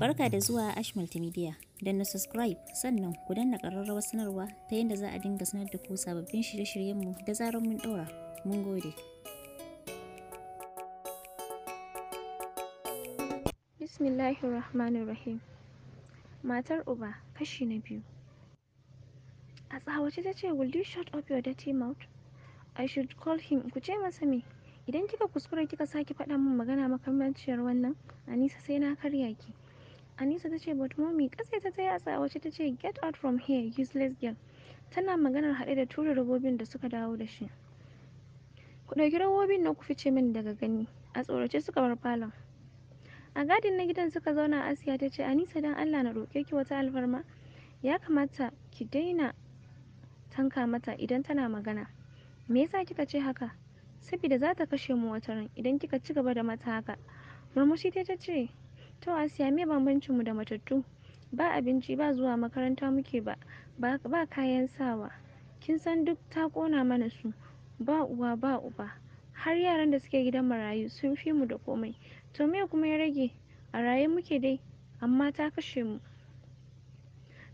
Barka da zuwa Ash Multimedia. Don na subscribe sannan ku danna ƙararrawar sanarwa ta yadda za a dinga sanar da ku sababbin shirye-shiryenmu da zarar mun ɗora. Mun gode. Bismillahirrahmanirrahim. Matar Uba, kashi na biyu. A tsawace ta ce, Will you shut up your dirty mouth? I should call him. Ku ce masa me? idan kika kuskure kika sake faɗa min magana makamanciyar wannan anisa sai na karya ki Anisa ta ce, But mommy, ƙasa ta tsaya a wace ta ce, Get out from here, useless girl. Tana maganar haɗe da tura robobin da suka dawo da shi. Ku ɗauki robobin na ku fice min daga gani. A tsorace suka bar falon. A gadin na gidan suka zauna Asiya ta ce, Anisa don Allah na roƙe ki wata alfarma. Ya kamata ki daina tanka mata idan tana magana. Me yasa kika ce haka? Saboda za ta kashe mu wata ran idan kika ci gaba da mata haka. Murmushi ta ce, To Asiya me bambancin mu da matattu? Ba abinci, ba zuwa makaranta muke ba, ba kayan sawa. Kin san duk ta kona mana su. Ba uwa ba uba. Har yaran da suke gidan marayu sun fi mu da komai. To me kuma ya rage? A raye muke dai, amma ta kashe mu.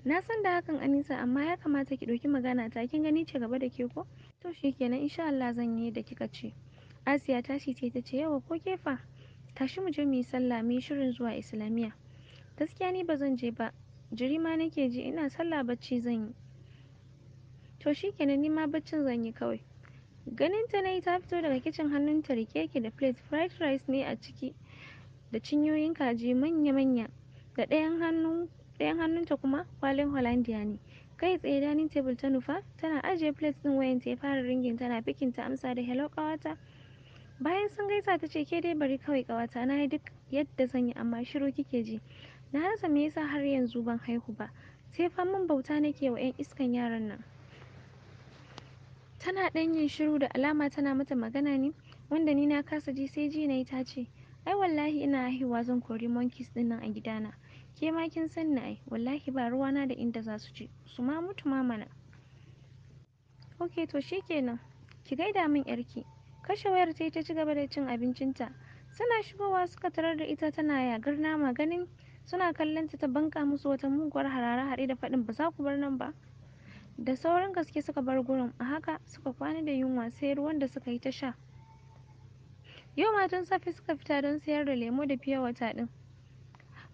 Na san da hakan Anisa amma ya kamata ki ɗauki magana ta kin gani ce gaba da ke ko? To shikenan insha Allah zan yi da kika ce. Asiya tashi ce ta ce yawa ko kefa tashi mu je mu yi sallah mu yi shirin zuwa islamiyya gaskiya ni ba zan je ba jiri ma nake ji ina sallah bacci zan yi to shikenan ni ma baccin zan yi kawai ganin ta nayi ta fito daga kicin hannunta rike yake da plate fried rice ne a ciki da cinyoyin kaji manya-manya da ɗayan hannun ɗayan hannunta kuma kwalin hollandia ne kai tsaye dining table ta nufa tana ajiye plate ɗin ta ya fara ringin tana fikin ta amsa da hello kawata. Bayan sun gaisa ta ce ke dai bari kawai ƙawata na yi duk yadda zan yi amma shiru kike ji. Na rasa me yasa har yanzu ban haihu ba. Sai fa faman bauta nake wa 'yan iskan yaran nan. Tana ɗan yin shiru da alama tana mata magana ne wanda ni na kasa ji sai ji yi ta ce ai wallahi ina haihuwa zan kori monkeys ɗin nan a gidana. Ke ma kin san na ai wallahi ba ruwa na da inda za su je su ma mutu ma mana. Ok to shikenan ki gaida min yarki kashe wayar ta yi ta ci da cin abincinta suna shigowa suka tarar da ita tana yagar nama ganin suna kallon ta ta banka musu wata muguwar harare haɗe da faɗin ba za ku bar nan ba da sauran gaske suka bar gurin a haka suka kwana da yunwa sai ruwan da suka yi ta sha yau matan safe suka fita don sayar da lemo da fiye wata ɗin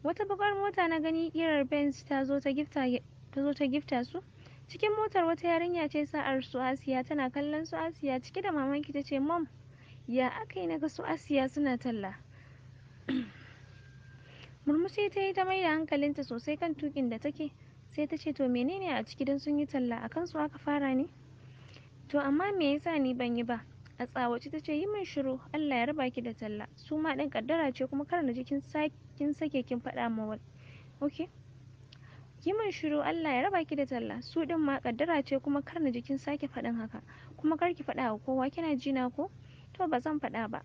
wata bakwar mota na gani kirar benz ta zo ta gifta su cikin motar wata yarinya ce sa'ar su asiya tana kallon su asiya cike da mamaki ta ce mom ya aka yi naga su asiya suna talla murmushi ta yi ta mai da hankalinta sosai kan tukin da take sai ta ce to menene a ciki don sun yi talla a kansu aka fara ne to amma me yasa ni ban yi ba a tsawace ta ce yi min shiru allah ya raba ki da talla su ma ɗan kaddara ce kuma kar na ji kin sake kin faɗa ma wani okay kiman mun shiru Allah ya raba ki da talla su din ma kaddara ce kuma kar na jikin sake faɗin haka kuma kar ki faɗa wa kowa kina jina ko to ba zan faɗa ba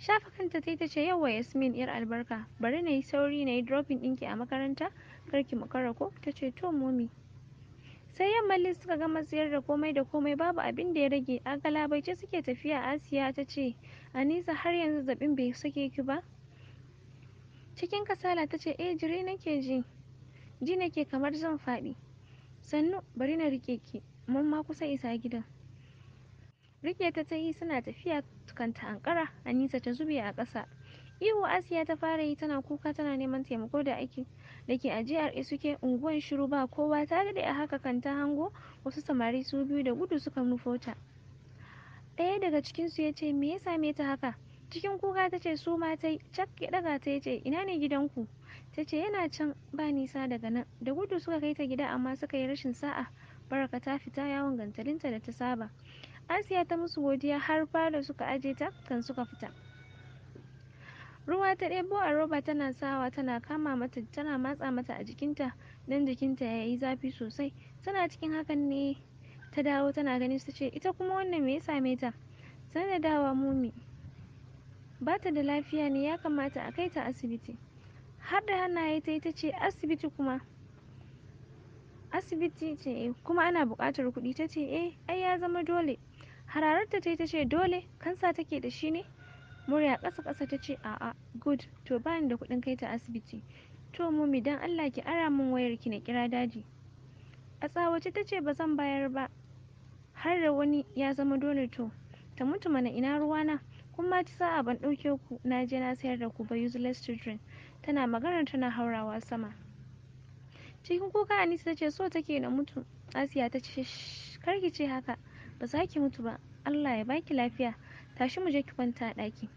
shafa kanta ta ta ce yawa yasmin yar albarka bari na yi sauri na yi dropping ɗinki a makaranta kar ki makara ko ta ce to momi sai yamma liz suka gama tsayar da komai da komai babu abin da ya rage a galabaice suke tafiya asiya ta ce anisa har yanzu zabin bai sake ki ba cikin kasala ta ce eh jiri nake ji ji nake kamar zan faɗi sannu bari na rike ki mun ma kusa isa gidan riƙe ta ta yi suna tafiya tukanta ankara anisa ta zube a ƙasa ihu asiya ta fara yi tana kuka tana neman taimako da ake da ke ajiyar isuke unguwan shiru ba kowa ta daɗe a haka kan ta hango wasu samari su biyu da gudu suka nufo ta ɗaya daga cikinsu ya ce me ya same ta haka cikin kuka ta ce su ma ta yi cak ya ɗaga ta ya ce ina ne gidanku ta ce yana can ba nisa daga nan da gudu suka kai ta gida amma suka yi rashin sa'a baraka ta fita yawon gantalinta da ta saba asiya ta musu godiya har falo suka aje ta kan suka fita ruwa ta ɗebo a roba tana sawa tana kama mata tana matsa mata a jikinta don jikinta ya yi zafi sosai tana cikin hakan ne ta dawo tana ganin su ce ita kuma wannan me ya same ta sai dawa mumi ba ta da lafiya ne ya kamata a kai ta asibiti har da hannaye ta yi ta ce asibiti kuma asibiti ce kuma ana buƙatar kuɗi ta ce eh ai ya zama dole hararta ta yi ta ce dole kansa take da shi ne murya ƙasa ƙasa ta ce a'a good to bani da kuɗin kai ta asibiti to mummy dan Allah ki ara min wayar ki na kira daji a tsawace ta ce ba zan bayar ba har da wani ya zama dole to ta mutu mana ina ruwana kuma ci sa'a ban ɗauke ku na je na sayar da ku ba useless children tana maganar tana haurawa sama cikin kuka anisa ta ce so take na mutu asiya ta ce karki ce haka ba za ki mutu ba allah ya baki lafiya tashi mu je ki kwanta a ɗaki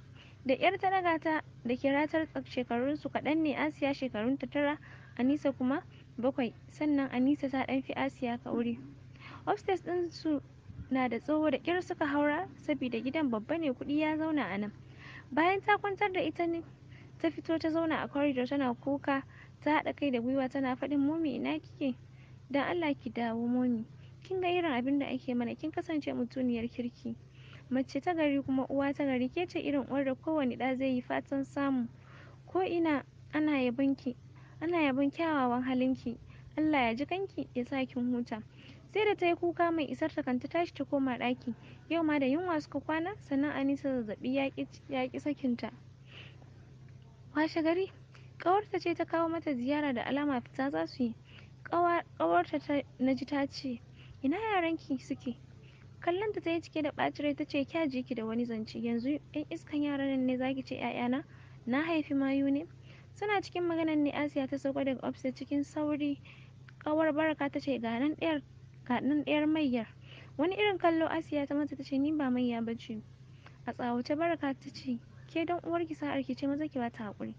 da yar ta daga ta da shekarun shekarunsu kaɗan ne asiya shekarun ta tara anisa kuma bakwai sannan anisa ta ɗan fi asiya kauri hostess ɗin su na da tsoho da ƙyar suka haura saboda gidan babba ne kuɗi ya zauna a nan bayan ta kwantar da ita ne ta fito ta zauna a corridor tana kuka ta haɗa kai da gwiwa tana faɗin momi ina kike don allah ki dawo momi kin ga irin abin da ake mana kin kasance mutuniyar kirki mace ta gari kuma uwa ta gari ke ce irin uwar da kowane ɗa zai yi fatan samu ko ina ana yabon ki ana yabon kyawawan ki allah ya ji kanki ya sa kin huta sai da ta yi kuka mai isar ta kanta tashi ta koma ɗaki yau ma da yunwa suka kwana sannan anisa zazzaɓi ya ƙi sakinta washe gari ƙawarta ce ta kawo mata ziyara da alama fita za su yi ƙawarta na ji ta ce ina yaranki suke kallon ta yi cike da ɓacin rai ta ce kya jiki ki da wani zance yanzu yan iskan yaran nan ne ki ce 'ya'yana na haifi mayu ne suna cikin maganar ne asiya ta sauka daga ofis cikin sauri kawar baraka ta ce ga nan ɗayar ga nan ɗayar mayyar wani irin kallo asiya ta mata ta ce ni ba mayya ba ce a tsawace baraka ta ce ke dan ki sa'ar ki ce maza ki bata hakuri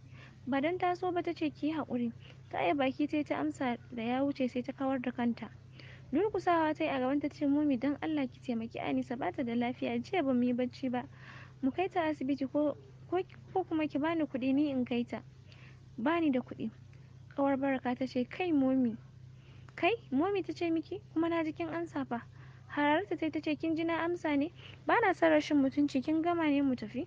ba dan ta so ba ta ce ki yi haƙuri ta yi baki sai ta amsa da ya wuce sai ta kawar da kanta ta tayi a gaban ta ce mummy dan Allah ki taimaki Anisa bata da lafiya jiya ba mu yi bacci ba mu kai ta asibiti ko ko kuma ki bani kuɗi ni in kai ta bani da kuɗi kawar baraka ta ce kai momi kai momi ta ce miki kuma na ji kin amsa fa hararta sai ta ce kin ji na amsa ne ba na son rashin mutunci kin gama ne mu tafi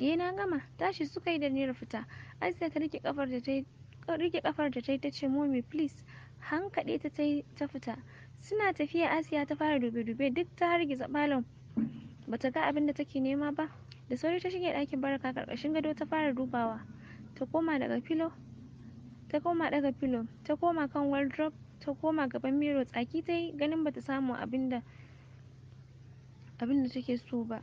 eh na gama tashi suka yi da niyyar fita aisha ta rike kafar da ta rike kafar da ta yi ta ce mommy please hankaɗe ta ta fita suna tafiya asiya ta fara dube-dube duk ta hargiza falon bata ga abin da take nema ba da sauri ta shige ɗakin baraka karkashin gado ta fara dubawa ta koma daga filo ta koma daga filo ta koma kan wardrobe ta koma gaban miro tsaki ta yi ganin bata samu abin da abin da take so ba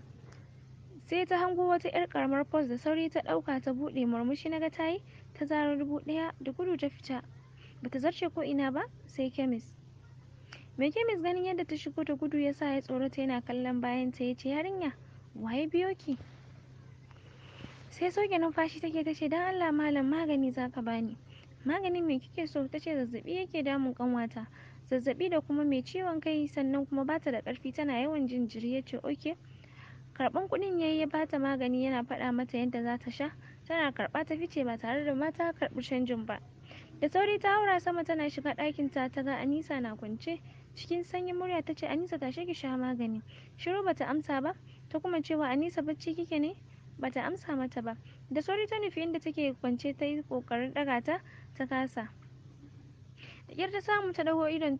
sai ta hango wata 'yar karamar pos da sauri ta ɗauka ta buɗe murmushi na ga ta zaro dubu ɗaya da gudu ta fita bata zarce ko ina ba sai kemis mai kemis ganin yadda ta shigo da gudu ya sa ya tsorata yana kallon bayan ta yace yarinya waye biyo ki sai soke numfashi take tace dan allah malam magani zaka bani maganin me kike so tace zazzabi yake damun kanwata zazzabi da kuma mai ciwon kai sannan kuma bata da karfi tana yawan jinjiri jiri ya ce oke Karɓan kuɗin ya yi ya bata magani yana faɗa mata yadda za ta sha, tana karɓa ta fice ba tare da mata karɓi canjin ba. Da sauri ta haura sama tana shiga ɗakin ta ta ga Anisa na kwance, cikin sanyin murya ta ce Anisa tashi ki sha magani. Shiru bata amsa ba, ta kuma cewa Anisa bacci kike ne? Bata amsa mata ba. Da sauri ta nufi inda take kwance ta yi kokarin ɗaga ta, ta kasa. Da ta samu ta ɗago idon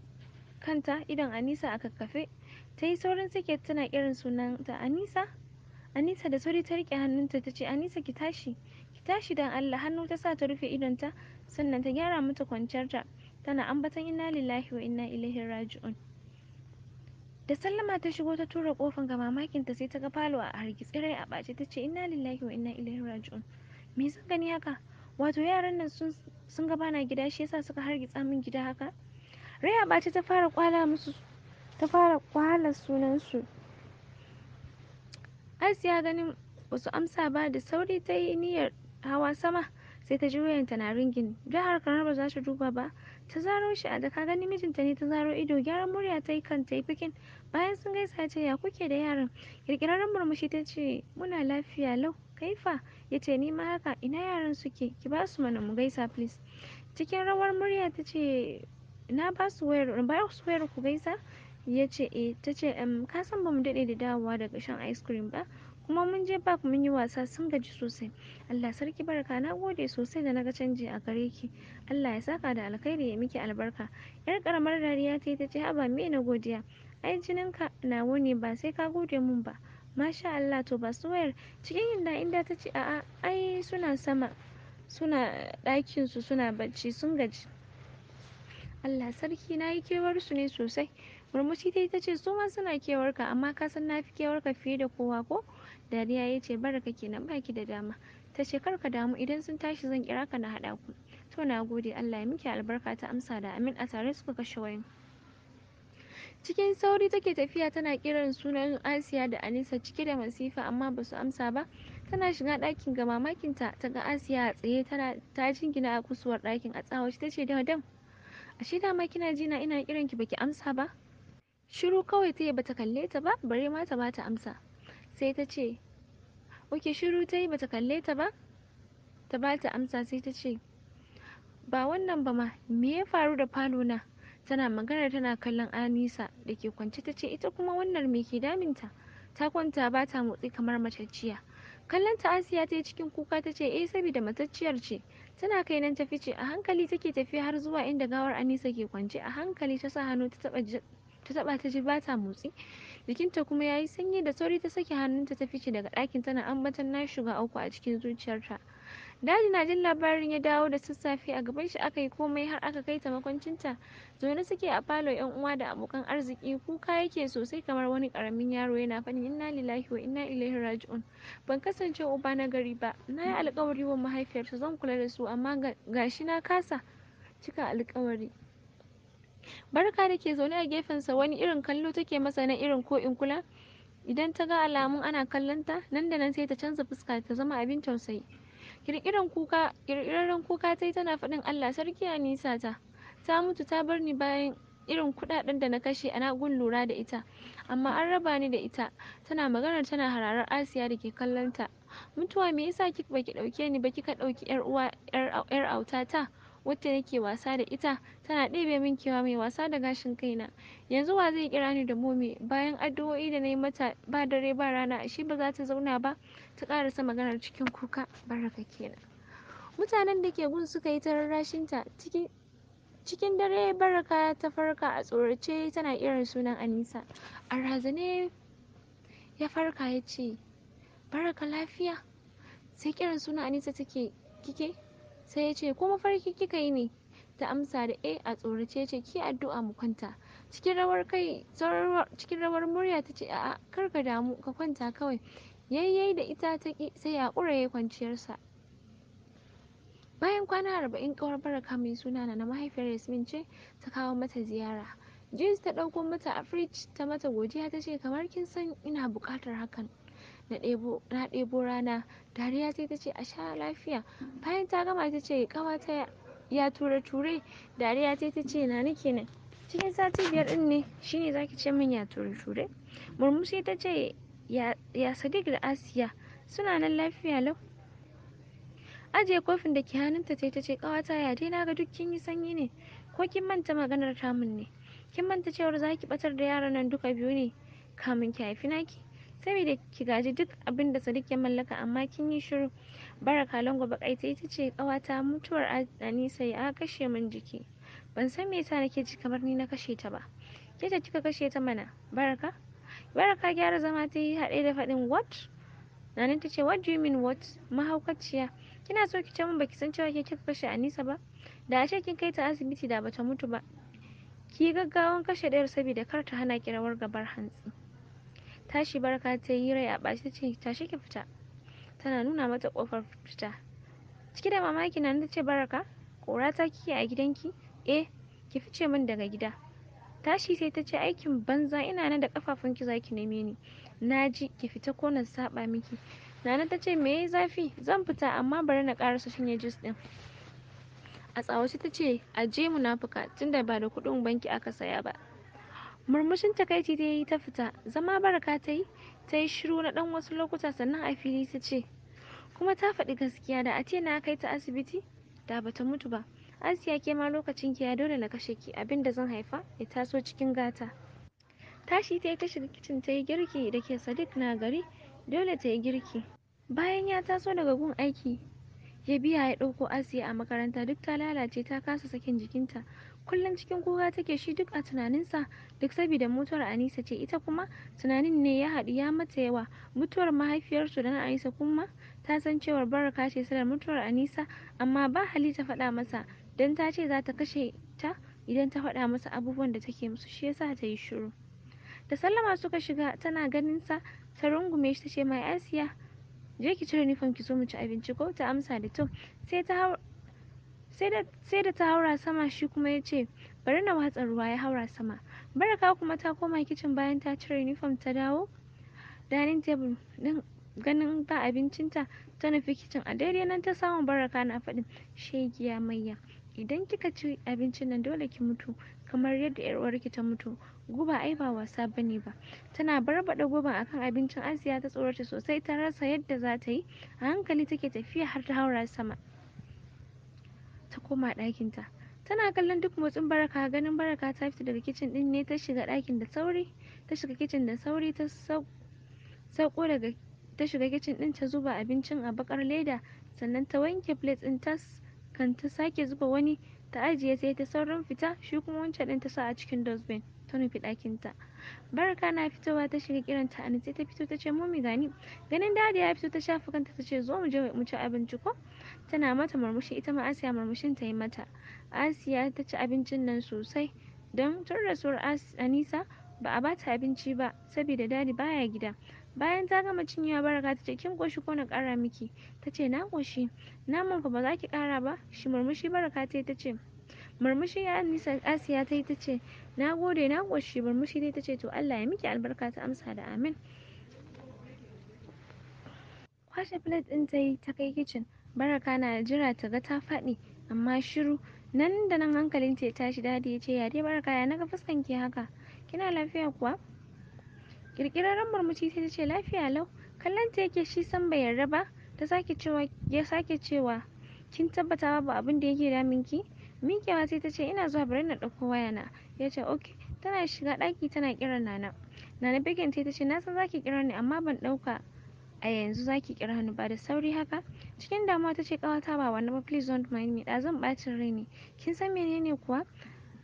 kanta idon Anisa a kakkafe ta yi saurin sake tana kiran ta anisa anisa da sauri ta rike hannunta ta ce anisa ki tashi ki tashi don allah hannu ta sa ta rufe idonta sannan ta gyara mata kwanciyarta tana ambaton inna lillahi wa inna ilaihi raji'un da sallama ta shigo ta tura kofan ga mamakin sai ta ga falo a hargitsi rai a bace ta ce inna lillahi wa inna ilaihi raji'un me sun gani haka wato yaran nan sun sun gabana gida shi yasa suka hargitsa min gida haka rai a bace ta fara kwala musu ta fara kwala sunansu asiya ganin wasu amsa ba da sauri ta yi niyyar hawa sama sai ta ji wayanta na ringin da harkar ba za ta duba ba ta zaro shi a daka gani mijinta ne ta zaro ido gyaran murya ta yi kan ta yi fikin bayan sun gaisa ya ce ya kuke da yaran kirkirarren murmushi ta ce muna lafiya lau kaifa ya ce ni ma haka ina yaran suke ki ba su mana mu gaisa please cikin rawar murya ta ce na wayar ba su wayar ku gaisa ya ce e ta ce ka san ba mu daɗe da dawowa daga shan ice cream ba kuma mun je bak mun yi wasa sun gaji sosai Allah sarki barka na gode sosai da naga canji a gare ki Allah ya saka da alkhairi ya miki albarka yar karamar dariya ta yi ta ce haba me na godiya ai jininka na ba sai ka gode mun ba masha Allah to ba su wayar cikin inda inda ta ce a'a ai suna sama suna ɗakin su suna bacci sun gaji Allah sarki na yi kewar su ne sosai Murmushi ta yi ta ce su ma suna kewarka amma ka san na fi kewarka fiye da kowa ko? Dariya ya ce baraka kenan baki da dama. Ta ce kar ka damu idan sun tashi zan kira ka na haɗa ku. To na gode Allah ya miki albarka ta amsa da amin a tare suka kashe wayan. cikin sauri take tafiya tana kiran sunan asiya da anisa cike da masifa amma ba su amsa ba tana shiga dakin ga mamakinta ta ga asiya a tsaye tana ta jingina a kusuwar dakin a tsawace ta ce da ashe dama kina jina ina kiran ki baki amsa ba shiru kawai ta yi bata kalle ta ba bare ma ta bata amsa sai ta ce oke shiru ta bata kalle ta ba ta bata amsa sai ta ce ba wannan ba ma me ya faru da falo na tana magana tana kallon anisa da ke kwance ta ce ita kuma wannan me ke daminta ta kwanta ba ta motsi kamar matacciya kallon ta asiya ta yi cikin kuka ta ce eh saboda matacciyar ce tana kai nan ta fice a hankali take tafi har zuwa inda gawar anisa ke kwance a hankali ta sa hannu ta taba ta taɓa ta ji bata motsi jikinta kuma ya yi sanyi da sauri ta sake hannunta ta fice daga ɗakin tana ambatan na shiga uku a cikin zuciyarta daji na jin labarin ya dawo da sassafe a gaban shi aka yi komai har aka kai ta makwancinta zaune suke a falo yan uwa da abokan arziki kuka yake sosai kamar wani karamin yaro yana fadin inna lillahi wa inna ilaihi raji'un ban kasance uba na gari ba na yi alkawari wa mahaifiyarsa zan kula da su amma gashi na kasa cika alkawari Barka da ke zaune a gefensa wani irin kallo take masa na irin ko in kula. Idan ta ga alamun ana kallonta, nan da nan sai ta canza fuska ta zama abin tausayi. Kirkiran kuka, kirkiran kuka ta yi tana faɗin Allah sarki ya nisa ta. Ta mutu ta bar ni bayan irin kuɗaɗen da na kashe a gun lura da ita. Amma an raba ni da ita. Tana magana tana hararar Asiya da ke kallonta. Mutuwa me yasa ki baki ɗauke ni ba kika ɗauki 'yar uwa 'yar auta ta? wacce nake wasa da ita tana ɗebe min kewa mai wasa da gashin kaina yanzu wa zai kira ni da momi bayan addu'o'i da na yi mata ba dare ba rana ashe ba za ta zauna ba ta ƙarasa maganar cikin kuka baraka kenan mutanen da ke gun suka yi ta rarrashinta cikin cikin dare baraka ta farka a tsorace tana kiran sunan anisa a razane ya farka ya ce baraka lafiya sai kiran sunan anisa take kike sai ya ce ko mafarki kika yi ne ta amsa da e a tsorace ce ki addu'a mu kwanta cikin rawar kai cikin rawar murya ta ce a'a kar ka damu ka kwanta kawai yayyai da ita ta ki sai ya ƙure ya kwanciyarsa bayan kwana arba'in kawar baraka mai suna na mahaifiyar yasmin ce ta kawo mata ziyara jeans ta ɗauko mata a fridge ta mata godiya ta ce kamar kin san ina buƙatar hakan na ɗebo rana dariya ta tace a sha lafiya bayan ta gama ta ce ƙawata ya ture ture dariya ta tace na nake nan cikin sati biyar ɗin ne shine zaki ce min ya ture ture murmushi ta ce ya sadiq da asiya suna nan lafiya lau ajiye kofin da ke hannunta sai ta ce ƙawata ya dai na ga duk kin yi sanyi ne ko kin manta maganar tamun ne kin manta cewar zaki batar da yaran nan duka biyu ne kamin ki haifi naki saboda ki gaji duk abin da Sadiq ya mallaka amma kin yi shiru Baraka Lango Bakaita ita ce kawata mutuwar Anisa ya kashe min jiki ban san me yasa nake ji kamar ni na kashe ta ba ke ta kika kashe ta mana Baraka Baraka gyara zama ta yi haɗe da faɗin what Nana ta ce what do you mean what mahaukaciya kina so ki ce min baki san cewa ke kika kashe Anisa ba da ashe kin kai ta asibiti da bata mutu ba ki gaggawan kashe ɗayar saboda kar ta hana ki gabar hantsi tashi barka ta yi rai a ɓace ta ce tashi ki fita tana nuna mata kofar fita ciki da mamaki na ta ce baraka ƙura ta kike a gidan ki eh ki fice min daga gida tashi sai ta ce aikin banza ina nan da kafafunki zaki neme ni naji ki fita ko na saba miki nana ta ce me zafi zan fita amma bari na karasa shanye jus din a tsawace ta ce aje munafuka tunda ba da kuɗin banki aka saya ba murmushin takaici ta yi ta fita zama baraka ta yi ta yi shiru na ɗan wasu lokuta sannan a fili ta ce kuma ta faɗi gaskiya da a na kai ta asibiti da bata mutu ba asiya ke ma lokacin ki ya dole na kashe ki abin da zan haifa ya taso cikin gata tashi ta yi ta shiga kicin ta yi girki da ke sadiq na gari dole ta yi girki bayan ya taso daga gun aiki ya biya ya ɗauko asiya a makaranta duk ta lalace ta kasa sakin jikinta kullum cikin kuka take shi duk a tunaninsa duk saboda mutuwar anisa ce ita kuma tunanin ne ya haɗu ya mata yawa mutuwar mahaifiyarsu da na anisa kuma ta san cewar baraka ce sanar mutuwar anisa amma ba hali ta faɗa masa don ta ce za ta kashe ta idan ta faɗa masa abubuwan da take musu shi yasa ta yi shiru da sallama suka shiga tana ganin sa ta rungume shi ta ce mai asiya je ki cire nufin ki zo mu ci abinci ko ta amsa da to sai ta sai da ta haura sama shi kuma ya ce bari na watsa ruwa ya haura sama baraka kuma ta koma kicin bayan ta cire uniform ta dawo dining table din ganin ba abincinta ta nufi kicin a daidai nan ta samu baraka na faɗin shegiya mayya idan kika ci abincin nan dole ki mutu kamar yadda yar uwarki ta mutu guba ai ba wasa bane ba tana barbada guban akan abincin asiya ta tsorata sosai ta rasa yadda za ta yi a hankali take tafiya har ta haura sama ta koma ɗakinta tana kallon duk motsin baraka ganin baraka ta fita daga kicin din ne ta shiga ɗakin da sauri ta shiga kicin da sauri ta sauko daga ta shiga kicin din ta zuba abincin a bakar leda sannan ta wanke plate din tas kan ta sake zuba wani ta ajiye sai ta saurin fita shi kuma wancan din ta sa a cikin dustbin ta nufi ɗakinta barka na fitowa ta shiga kiran ta ta fito ta ce mummy gani ganin dadi ya fito ta shafa kanta ta ce zo mu je mu ci abinci ko tana mata murmushi ita ma asiya murmushin ta yi mata asiya ta ci abincin nan sosai don tun rasuwar anisa ba a bata abinci ba saboda dadi baya gida bayan ta gama cinyewa baraka ta ce kin koshi ko na kara miki ta ce na koshi naman ku ba za ki kara ba shi murmushi baraka ta ce Murmushi Anisa Asiya ta yi ta ce, Na gode, na goshi murmushi dai ta ce, To Allah ya miki albarka ta amsa da amin. Kwashe plate ɗin tayi ta kai kicin, baraka na jira ta ga ta faɗi, amma shiru. Nan da nan hankalin ta tashi dadi ya ce, Ya dai baraka ya naga fuskan ki haka, kina lafiya kuwa? ƙirƙirarren murmushi sai ta ce, Lafiya lau, kallon ta yake shi san bai yarda ba, ta sake cewa, ya sake cewa, Kin tabbata babu abin da yake damun ki? mikewa sai ta ce ina zuwa bari na ɗauko wayana. Ya ce ok Tana shiga ɗaki tana kiran Nana. Nana begen ta ce na san zaki kira ni amma ban ɗauka a yanzu zaki kira ni ba da sauri haka. Cikin damuwa ta ce ƙawata ba wannan ba please don't mind me ɗazun ɓacin rai ne. Kin san menene kuwa?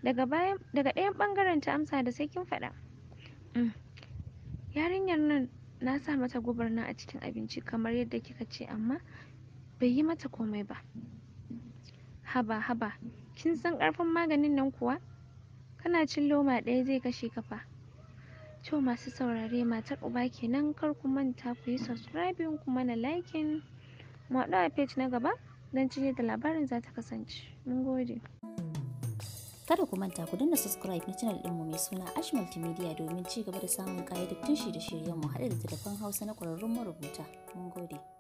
Daga bayan daga ɗayan ɓangaren ta amsa da sai kin faɗa. Mm. Yarinyar nan na sa mata gubar nan a cikin abinci kamar yadda kika ce amma bai yi mata komai ba. haba haba kin san karfin maganin nan kuwa kana cin loma ɗaya zai kashe ka fa to masu saurare matar uba kenan kar ku manta ku yi subscribing ku mana liking mu haɗu a page na gaba don cinye da labarin za ta kasance mun gode kada ku manta ku danna subscribe na channel ɗinmu mai suna ash multimedia domin ci gaba da samun kayyadattun shi da mu haɗe da telefon hausa na ƙwararrun marubuta mun gode